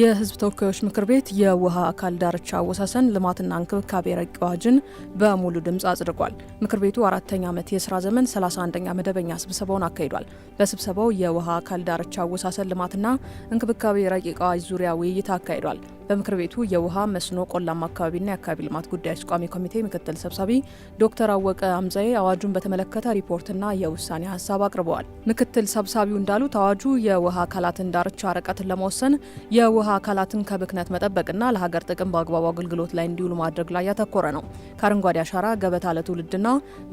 የህዝብ ተወካዮች ምክር ቤት የውሃ አካል ዳርቻ አወሳሰን ልማትና እንክብካቤ ረቂቅ አዋጅን በሙሉ ድምፅ አጽድቋል። ምክር ቤቱ አራተኛ ዓመት የስራ ዘመን 31ኛ መደበኛ ስብሰባውን አካሂዷል። በስብሰባው የውሃ አካል ዳርቻ አወሳሰን ልማትና እንክብካቤ ረቂቅ አዋጅ ዙሪያ ውይይት አካሂዷል። በምክር ቤቱ የውሃ መስኖ፣ ቆላማ አካባቢና የአካባቢ ልማት ጉዳዮች ቋሚ ኮሚቴ ምክትል ሰብሳቢ ዶክተር አወቀ አምዛዬ አዋጁን በተመለከተ ሪፖርትና የውሳኔ ሀሳብ አቅርበዋል። ምክትል ሰብሳቢው እንዳሉት አዋጁ የውሃ አካላትን ዳርቻ ርቀትን ለመወሰን የውሃ አካላትን ከብክነት መጠበቅና ለሀገር ጥቅም በአግባቡ አገልግሎት ላይ እንዲውሉ ማድረግ ላይ ያተኮረ ነው። ከአረንጓዴ አሻራ ገበታ ለትውልድና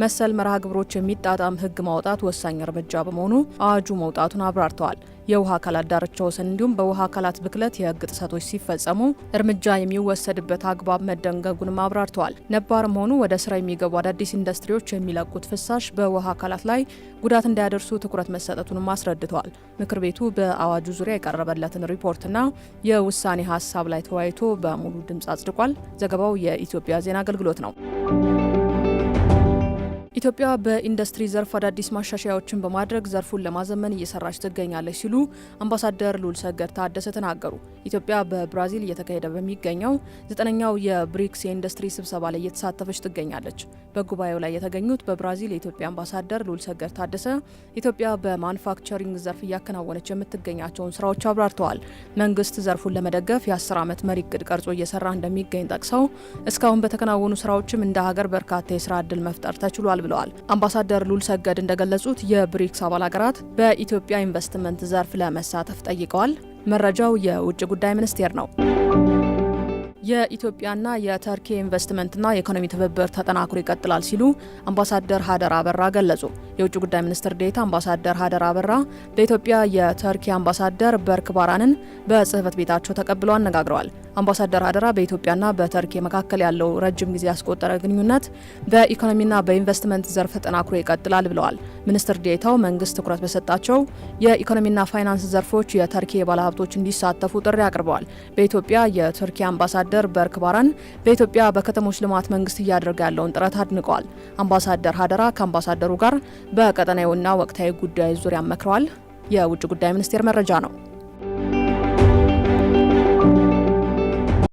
መሰል መርሃ ግብሮች የሚጣጣም ህግ ማውጣት ወሳኝ እርምጃ በመሆኑ አዋጁ መውጣቱን አብራርተዋል። የውሃ አካላት ዳርቻ ወሰን እንዲሁም በውሃ አካላት ብክለት የህግ ጥሰቶች ሲፈጸሙ እርምጃ የሚወሰድበት አግባብ መደንገጉንም አብራርተዋል። ነባርም ሆኑ ወደ ስራ የሚገቡ አዳዲስ ኢንዱስትሪዎች የሚለቁት ፍሳሽ በውሃ አካላት ላይ ጉዳት እንዳያደርሱ ትኩረት መሰጠቱንም አስረድተዋል። ምክር ቤቱ በአዋጁ ዙሪያ የቀረበለትን ሪፖርትና የውሳኔ ሀሳብ ላይ ተወያይቶ በሙሉ ድምፅ አጽድቋል። ዘገባው የኢትዮጵያ ዜና አገልግሎት ነው። ኢትዮጵያ በኢንዱስትሪ ዘርፍ አዳዲስ ማሻሻያዎችን በማድረግ ዘርፉን ለማዘመን እየሰራች ትገኛለች ሲሉ አምባሳደር ሉል ሰገድ ታደሰ ተናገሩ። ኢትዮጵያ በብራዚል እየተካሄደ በሚገኘው ዘጠነኛው የብሪክስ የኢንዱስትሪ ስብሰባ ላይ እየተሳተፈች ትገኛለች። በጉባኤው ላይ የተገኙት በብራዚል የኢትዮጵያ አምባሳደር ሉልሰገድ ታደሰ ኢትዮጵያ በማኑፋክቸሪንግ ዘርፍ እያከናወነች የምትገኛቸውን ስራዎች አብራርተዋል። መንግስት ዘርፉን ለመደገፍ የ ዓመት መሪ እቅድ ቀርጾ እየሰራ እንደሚገኝ ጠቅሰው እስካሁን በተከናወኑ ስራዎችም እንደ ሀገር በርካታ የስራ እድል መፍጠር ተችሏል ብለዋል። አምባሳደር ሉልሰገድ እንደገለጹት የብሪክስ አባል ሀገራት በኢትዮጵያ ኢንቨስትመንት ዘርፍ ለመሳተፍ ጠይቀዋል። መረጃው የውጭ ጉዳይ ሚኒስቴር ነው። የኢትዮጵያና የተርኪ ኢንቨስትመንትና የኢኮኖሚ ትብብር ተጠናክሮ ይቀጥላል ሲሉ አምባሳደር ሀደር አበራ ገለጹ። የውጭ ጉዳይ ሚኒስትር ዴታ አምባሳደር ሀደር አበራ በኢትዮጵያ የተርኪ አምባሳደር በርክ ባራንን በጽህፈት ቤታቸው ተቀብለው አነጋግረዋል። አምባሳደር ሀደራ በኢትዮጵያና በተርኪ መካከል ያለው ረጅም ጊዜ ያስቆጠረ ግንኙነት በኢኮኖሚና በኢንቨስትመንት ዘርፍ ተጠናክሮ ይቀጥላል ብለዋል። ሚኒስትር ዴታው መንግስት ትኩረት በሰጣቸው የኢኮኖሚና ፋይናንስ ዘርፎች የተርኪ ባለሀብቶች እንዲሳተፉ ጥሪ አቅርበዋል። በኢትዮጵያ የቱርኪ አምባሳደር በርክ ባራን በኢትዮጵያ በከተሞች ልማት መንግስት እያደረገ ያለውን ጥረት አድንቀዋል። አምባሳደር ሀደራ ከአምባሳደሩ ጋር በቀጠናዊና ወቅታዊ ጉዳዮች ዙሪያ መክረዋል። የውጭ ጉዳይ ሚኒስቴር መረጃ ነው።